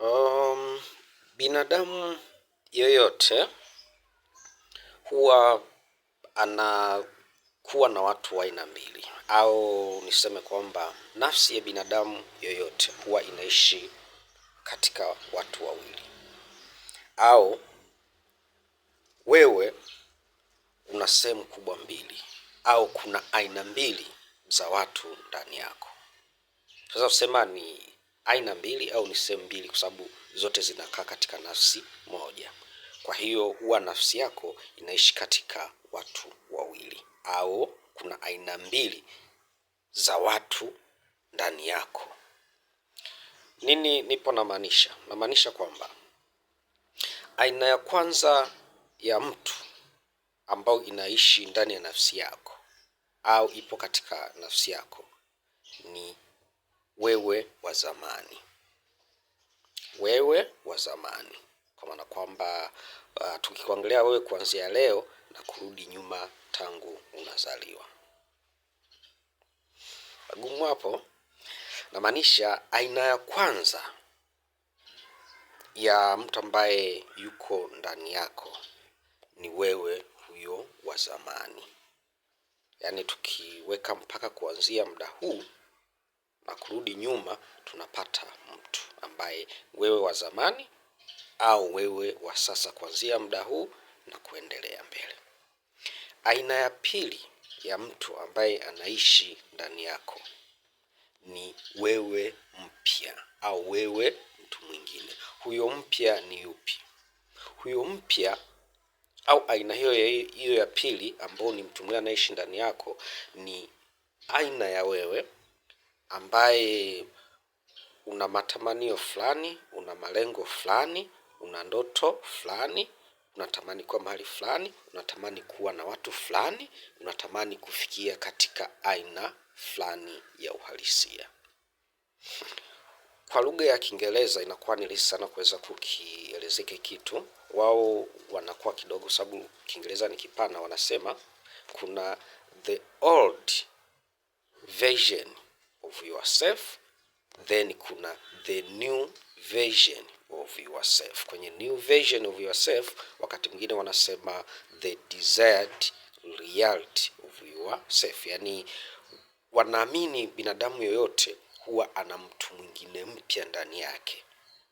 Um, binadamu yoyote huwa anakuwa na watu wa aina mbili au niseme kwamba nafsi ya binadamu yoyote huwa inaishi katika watu wawili au wewe una sehemu kubwa mbili au kuna aina mbili za watu ndani yako. sasa kusema ni aina mbili au ni sehemu mbili, kwa sababu zote zinakaa katika nafsi moja. Kwa hiyo huwa nafsi yako inaishi katika watu wawili au kuna aina mbili za watu ndani yako. Nini nipo namaanisha? Namaanisha kwamba aina ya kwanza ya mtu ambayo inaishi ndani ya nafsi yako au ipo katika nafsi yako ni wewe wa zamani, wewe wa zamani, kwa maana kwamba uh, tukikuangalia wewe kuanzia leo na kurudi nyuma tangu unazaliwa gumu hapo, namaanisha aina ya kwanza ya mtu ambaye yuko ndani yako ni wewe huyo wa zamani, yaani tukiweka mpaka kuanzia muda huu na kurudi nyuma, tunapata mtu ambaye wewe wa zamani au wewe wa sasa kuanzia muda huu na kuendelea mbele. Aina ya pili ya mtu ambaye anaishi ndani yako ni wewe mpya au wewe mtu mwingine. Huyo mpya ni yupi? Huyo mpya au aina hiyo hiyo ya pili ambao ni mtu mwingine anaishi ndani yako ni aina ya wewe ambaye una matamanio fulani, una malengo fulani, una ndoto fulani, unatamani kuwa mahali fulani, unatamani kuwa na watu fulani, unatamani kufikia katika aina fulani ya uhalisia. Kwa lugha ya Kiingereza inakuwa ni rahisi sana kuweza kukielezeke kitu. Wao wanakuwa kidogo, sababu Kiingereza ni kipana, wanasema kuna the old version of yourself, then kuna the new version of yourself. Kwenye new version of yourself, wakati mwingine wanasema the desired reality of yourself, yaani wanaamini binadamu yoyote huwa ana mtu mwingine mpya ndani yake.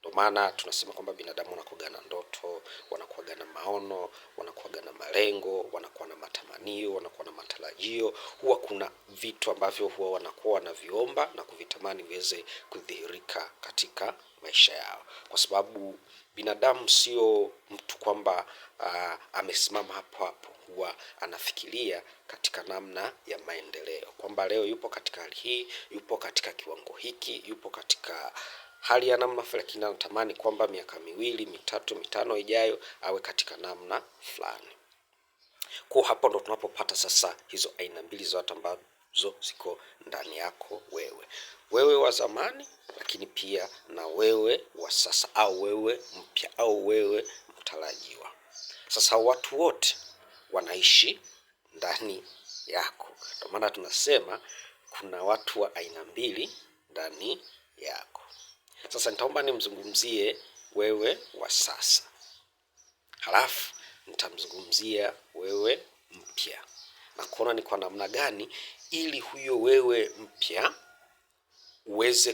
Ndio maana tunasema kwamba binadamu wanakuwaga na ndoto, wanakuwaga na maono, wanakuwaga na malengo, wanakuwa na matamanio, wanakuwa na matarajio. Huwa kuna vitu ambavyo huwa wanakuwa wanaviomba na kuvitamani viweze kudhihirika katika maisha yao, kwa sababu binadamu sio mtu kwamba uh, amesimama hapo hapo huwa anafikiria katika namna ya maendeleo, kwamba leo yupo katika hali hii, yupo katika kiwango hiki, yupo katika hali ya namna fulani, lakini anatamani kwamba miaka miwili mitatu mitano ijayo awe katika namna fulani. Kwa hapo ndo tunapopata sasa hizo aina mbili za watu ambazo ziko ndani yako wewe, wewe wa zamani, lakini pia na wewe wa sasa, au wewe mpya, au wewe mtarajiwa. Sasa watu wote wanaishi ndani yako, ndio maana tunasema kuna watu wa aina mbili ndani yako. Sasa nitaomba nimzungumzie wewe wa sasa, halafu nitamzungumzia wewe mpya na kuona ni kwa namna gani ili huyo wewe mpya uweze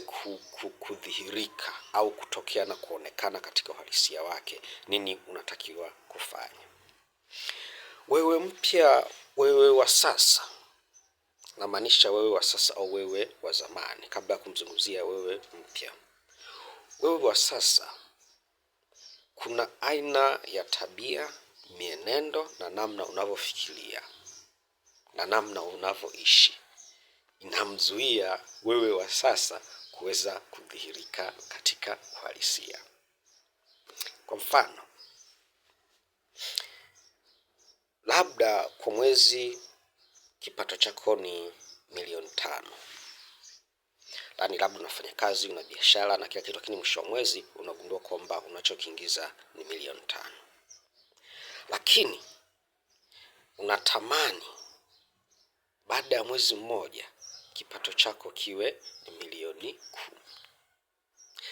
kudhihirika au kutokea na kuonekana katika uhalisia wake. Nini unatakiwa kufanya? Wewe mpya, wewe wa sasa, namaanisha wewe wa sasa au wewe wa zamani, kabla ya kumzungumzia wewe mpya wewe wa sasa, kuna aina ya tabia, mienendo na namna unavyofikiria na namna unavyoishi inamzuia wewe wa sasa kuweza kudhihirika katika uhalisia. Kwa mfano, labda kwa mwezi kipato chako ni milioni tano yani labda unafanya kazi una biashara na kila kitu, lakini mwisho wa mwezi unagundua kwamba unachokiingiza ni milioni tano, lakini unatamani baada ya mwezi mmoja kipato chako kiwe ni milioni kumi.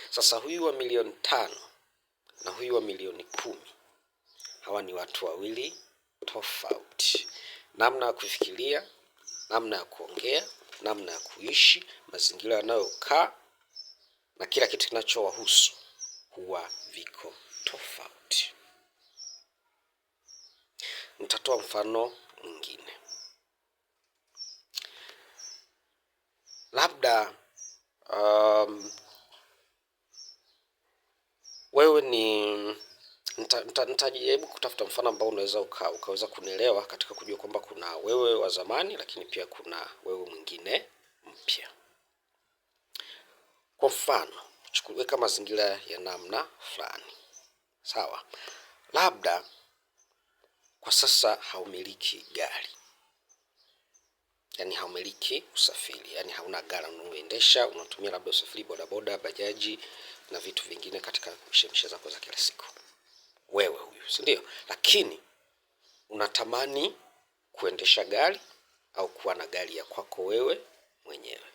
Sasa huyu wa milioni tano na huyu wa milioni kumi hawa ni watu wawili tofauti, namna ya kufikiria, namna ya kuongea namna ya kuishi, mazingira yanayokaa na kila kitu kinachowahusu huwa viko tofauti. Nitatoa mfano mwingine, labda um, wewe ni nitajaribu kutafuta mfano ambao unaweza uka, ukaweza kunielewa katika kujua kwamba kuna wewe wa zamani, lakini pia kuna wewe mwingine mpya. Kwa mfano, chukuweka mazingira ya namna fulani, sawa? Labda kwa sasa haumiliki gari, yaani haumiliki usafiri, yaani hauna gari unaoendesha, unatumia labda usafiri bodaboda, bajaji na vitu vingine katika mishemishe zako za kila siku wewe huyu, si ndio? Lakini unatamani kuendesha gari au kuwa na gari ya kwako wewe mwenyewe.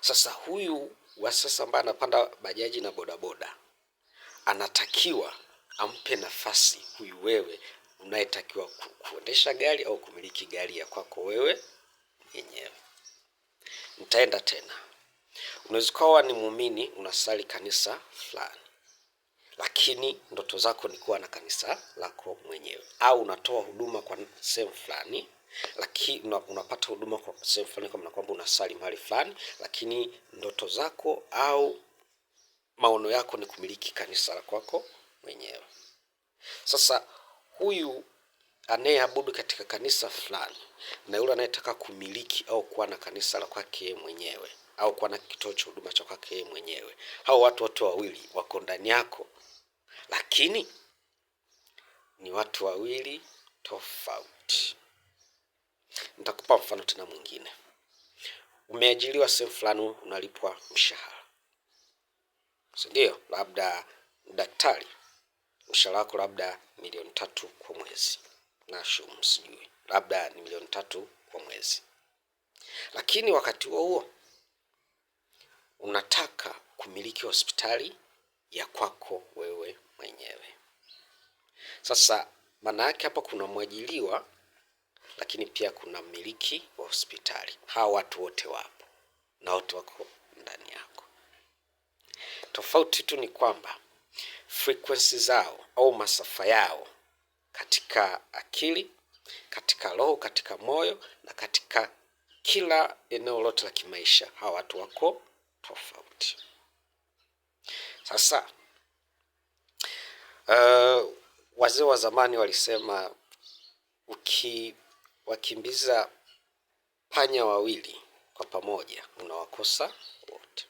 Sasa huyu wa sasa ambaye anapanda bajaji na bodaboda anatakiwa ampe nafasi huyu wewe unayetakiwa kuendesha gari au kumiliki gari ya kwako wewe mwenyewe. Nitaenda tena, unaweza ukawa ni muumini unasali kanisa fulani lakini ndoto zako ni kuwa na kanisa lako mwenyewe, au unatoa huduma kwa sehemu fulani lakini unapata huduma kwa sehemu fulani, kama kwamba unasali mahali fulani, lakini ndoto zako au maono yako ni kumiliki kanisa la kwako mwenyewe. Sasa huyu anayeabudu katika kanisa fulani na yule anayetaka kumiliki au kuwa na kanisa la kwake mwenyewe au kuwa na kituo cha huduma cha kwake mwenyewe, hao watu wote wawili wako ndani yako, lakini ni watu wawili tofauti. Nitakupa mfano tena mwingine. Umeajiriwa sehemu fulani, unalipwa mshahara, si ndio? Labda daktari, mshahara wako labda milioni tatu kwa mwezi na shumu, sijui labda ni milioni tatu kwa mwezi, lakini wakati huo huo unataka kumiliki hospitali ya kwako wewe mwenyewe. Sasa maana yake hapa kuna mwajiliwa, lakini pia kuna mmiliki wa hospitali. Hawa watu wote wapo na wote wako ndani yako. Tofauti tu ni kwamba frequency zao au masafa yao katika akili, katika roho, katika moyo na katika kila eneo lote la kimaisha, hawa watu wako tofauti. Sasa Uh, wazee wa zamani walisema ukiwakimbiza panya wawili kwa pamoja unawakosa wote.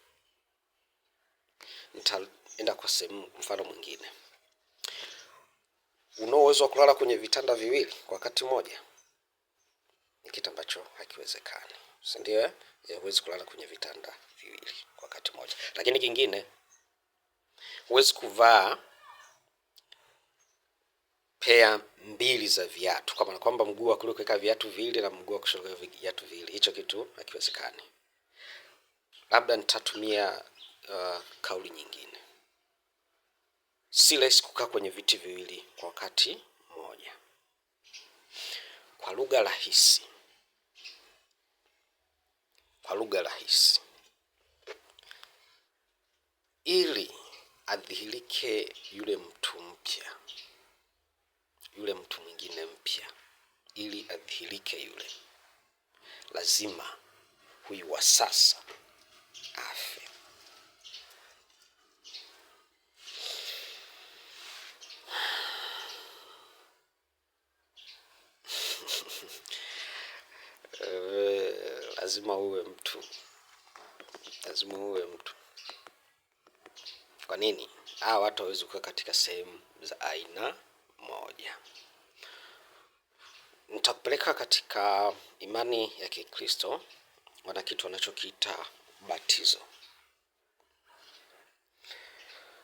Nitaenda kwa sehemu mfano mwingine. Unao uwezo wa kulala kwenye vitanda viwili kwa wakati mmoja? Ni kitu ambacho hakiwezekani, si ndio? Eh? Eh, huwezi kulala kwenye vitanda viwili kwa wakati mmoja, lakini kingine huwezi kuvaa pea mbili za viatu, kwa maana kwamba mguu wa kulia viatu vile na mguu wa kushoto kuweka viatu vile. Hicho kitu hakiwezekani. Labda nitatumia uh, kauli nyingine. Si rahisi kukaa kwenye viti viwili kwa wakati mmoja. Kwa lugha rahisi, kwa lugha rahisi, ili adhihirike yule mtu mpya yule mtu mwingine mpya, ili adhihirike yule, lazima huyu wa sasa afe. Lazima uwe mtu, lazima uwe mtu. Kwa nini hawa watu hawawezi kukaa katika sehemu za aina moja. Nitakupeleka katika imani ya Kikristo, wana kitu wanachokiita ubatizo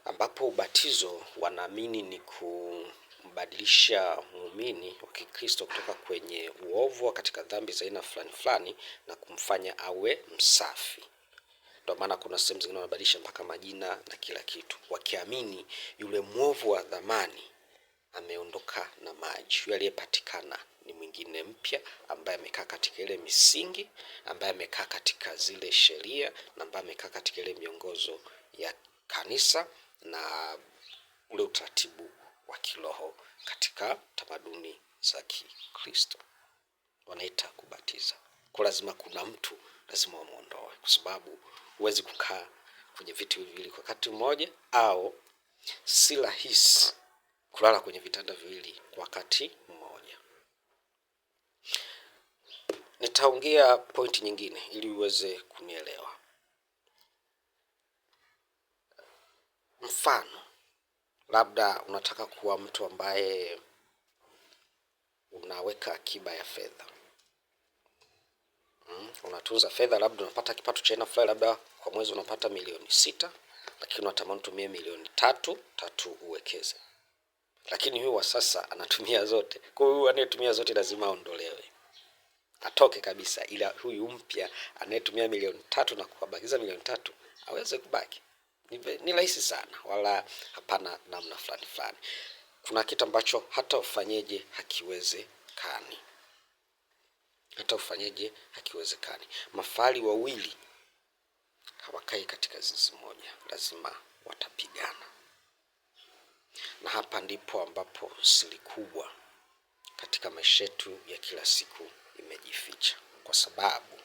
ambapo ubatizo wanaamini ni kumbadilisha muumini wa Kikristo kutoka kwenye uovu katika dhambi za aina fulani fulani na kumfanya awe msafi. Ndio maana kuna sehemu zingine wanabadilisha mpaka majina na kila kitu, wakiamini yule mwovu wa dhamani ameondoka na maji. Huyu aliyepatikana ni mwingine mpya ambaye amekaa katika ile misingi, ambaye amekaa katika zile sheria na ambaye amekaa katika ile miongozo ya kanisa na ule utaratibu wa kiroho katika tamaduni za Kikristo wanaita kubatiza. Kwa lazima kuna mtu lazima wamwondoe, kwa sababu huwezi kukaa kwenye vitu viwili kwa wakati mmoja, au si rahisi kulala kwenye vitanda viwili kwa wakati mmoja. Nitaongea pointi nyingine ili uweze kunielewa. Mfano, labda unataka kuwa mtu ambaye unaweka akiba ya fedha mm, unatunza fedha, labda unapata kipato cha aina fulani, labda kwa mwezi unapata milioni sita, lakini unatamani utumie milioni tatu tatu uwekeze lakini huyu wa sasa anatumia zote. Kwa hiyo huyu anayetumia zote lazima aondolewe, atoke kabisa, ila huyu mpya anayetumia milioni tatu na kubakiza milioni tatu aweze kubaki. Ni rahisi sana, wala hapana namna fulani fulani. Kuna kitu ambacho hata ufanyeje hakiwezekani, hata ufanyeje hakiwezekani. Mafahali wawili hawakai katika zizi moja, lazima watapigana. Na hapa ndipo ambapo siri kubwa katika maisha yetu ya kila siku imejificha, kwa sababu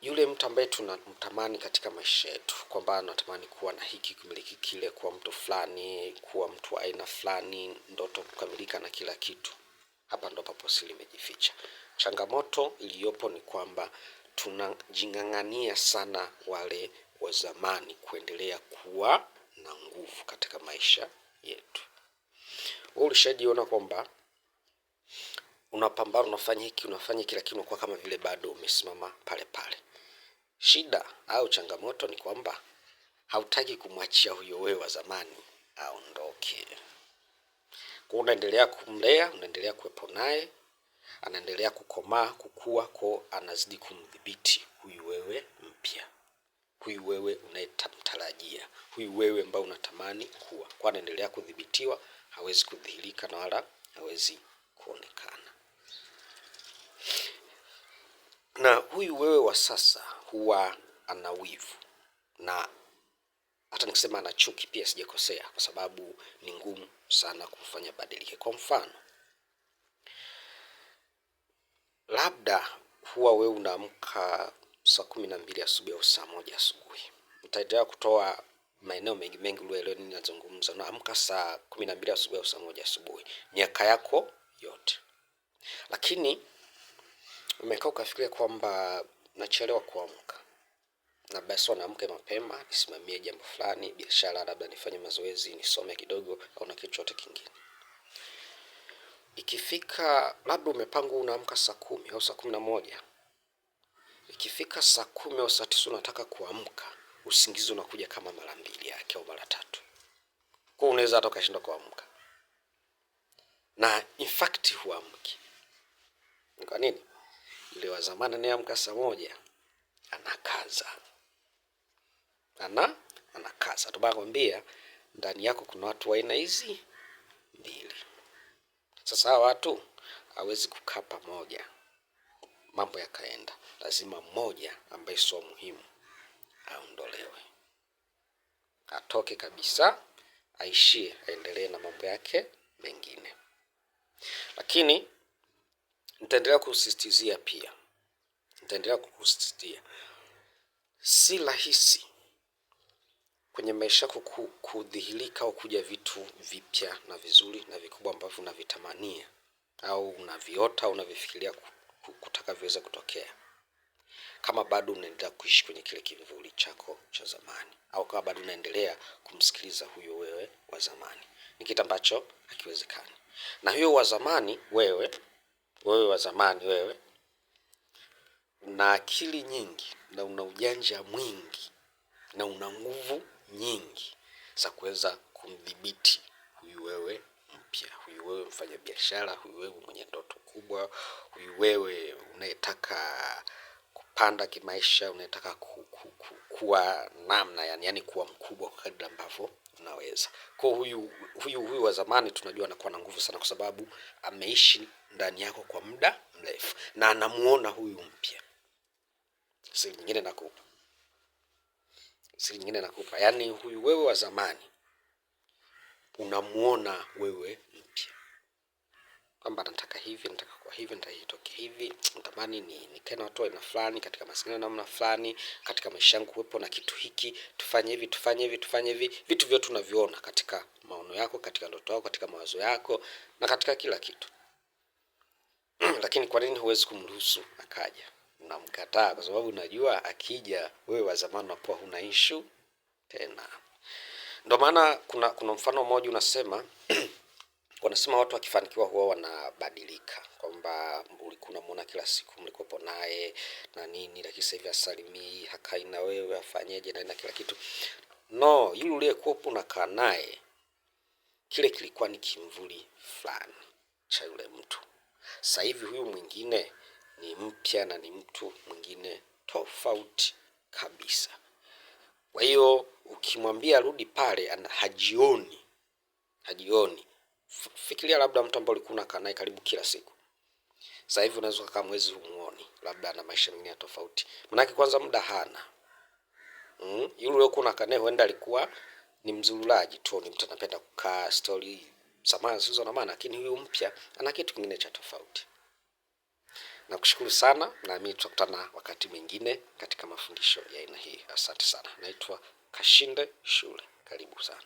yule mtu ambaye tunamtamani katika maisha yetu, kwamba natamani kuwa na hiki, kumiliki kile, kuwa mtu fulani, kuwa mtu aina fulani, ndoto kukamilika na kila kitu, hapa ndo ambapo siri imejificha. Changamoto iliyopo ni kwamba tunajing'ang'ania sana wale wa zamani kuendelea kuwa na nguvu katika maisha yetu. Wewe ulishajiona kwamba unapambana, unafanya hiki, unafanya kile, lakini unakuwa kama vile bado umesimama pale pale. Shida au changamoto ni kwamba hautaki kumwachia huyo wewe wa zamani aondoke. Kwa unaendelea kumlea, unaendelea kuwepo naye, anaendelea kukomaa, kukua, ko anazidi kumdhibiti huyu wewe mpya huyu wewe unayemtarajia, huyu wewe ambao unatamani kuwa, kwa anaendelea kudhibitiwa, hawezi kudhihirika na wala hawezi kuonekana. Na huyu wewe wa sasa huwa ana wivu na hata nikisema ana chuki pia sijakosea, kwa sababu ni ngumu sana kumfanya badilike. Kwa mfano, labda huwa wewe unaamka saa kumi na mbili asubuhi au saa moja asubuhi. Nitaendelea kutoa maeneo mengi mengi leo leo ninazungumza. Unaamka saa kumi na mbili asubuhi au saa moja asubuhi, miaka yako yote. Lakini umekaa ukafikiria kwamba nachelewa kuamka, na basi naamke mapema, nisimamie jambo fulani, biashara, labda nifanye mazoezi, nisome kidogo, au na kitu chochote kingine. Ikifika labda umepanga unaamka saa kumi au saa kumi na moja Ikifika saa kumi au saa tisa unataka kuamka, usingizi unakuja kama mara mbili yake au mara tatu, kwa unaweza hata ukashindwa kuamka, na in fact huamki. Kwa nini? Yule wa zamani anayeamka saa moja anakaza, ana anakaza. Tubakwambia ndani yako kuna watu wa aina hizi mbili. Sasa hawa watu hawezi kukaa pamoja mambo yakaenda. Lazima mmoja ambaye sio muhimu aondolewe, atoke kabisa, aishie, aendelee na mambo yake mengine. Lakini nitaendelea kusisitizia pia, nitaendelea kukusisitia, si rahisi kwenye maisha yako kudhihirika au kuja vitu vipya na vizuri na vikubwa ambavyo unavitamania au unaviota au unavifikiria kutakavyoweza kutokea kama bado unaendelea kuishi kwenye kile kimvuli chako cha zamani, au kama bado unaendelea kumsikiliza huyo wewe wa zamani, ni kitu ambacho hakiwezekani. Na huyo wa zamani wewe, wewe wa zamani wewe, una akili nyingi na una ujanja mwingi na una nguvu nyingi za kuweza kumdhibiti huyu wewe mpya, huyu wewe mfanya biashara, huyu wewe mwenye ndoto kubwa, huyu wewe unayetaka kupanda kimaisha, unayetaka ku, ku, ku, kuwa namna yani, yani kuwa mkubwa kwa kadri ambavyo unaweza. Kwa huyu huyu huyu wa zamani tunajua anakuwa na nguvu sana, kwa sababu ameishi ndani yako kwa muda mrefu na anamuona huyu mpya. Siri nyingine nakupa, siri nyingine nakupa, yani huyu wewe wa zamani unamwona wewe mpya, kwamba nataka hivi, nataka kwa hivi, nataka hivi, natamani ni nikae na watu wa aina fulani, katika mazingira namna fulani, katika maisha yangu kuwepo na kitu hiki, tufanye hivi, tufanye hivi, tufanye hivi. Vitu vyote unaviona katika maono yako, katika ndoto yako, katika mawazo yako na katika kila kitu lakini kwa nini huwezi kumruhusu akaja? Unamkataa kwa sababu unajua akija, wewe wa zamani unakuwa huna ishu tena. Ndio maana kuna kuna mfano mmoja unasema wanasema watu wakifanikiwa huwa wanabadilika, kwamba ulikuwa unamwona kila siku mlikuwepo naye na nini, lakini sasa hivi asalimii, hakai na wewe, afanyeje na na kila kitu. No, yule uliyekuwepo unakaa naye, kile kilikuwa ni kimvuli fulani cha yule mtu. Sasa hivi huyu mwingine ni mpya na ni mtu mwingine tofauti kabisa, kwa hiyo ukimwambia rudi pale ana hajioni, hajioni. Fikiria labda mtu ambaye ulikuwa unakaa naye karibu kila siku, sasa hivi unaweza ukakaa mwezi umuoni labda ana maisha mengine tofauti, manake kwanza muda hana mm. Yule uliokuwa unakaa naye huenda alikuwa ni mzurulaji tu, ni mtu anapenda kukaa stori samani zisizo na maana, lakini huyu mpya ana kitu kingine cha tofauti. Nakushukuru sana, mimi tutakutana wakati mwingine katika mafundisho ya aina hii. Asante sana, naitwa kashinde shule. Karibu sana.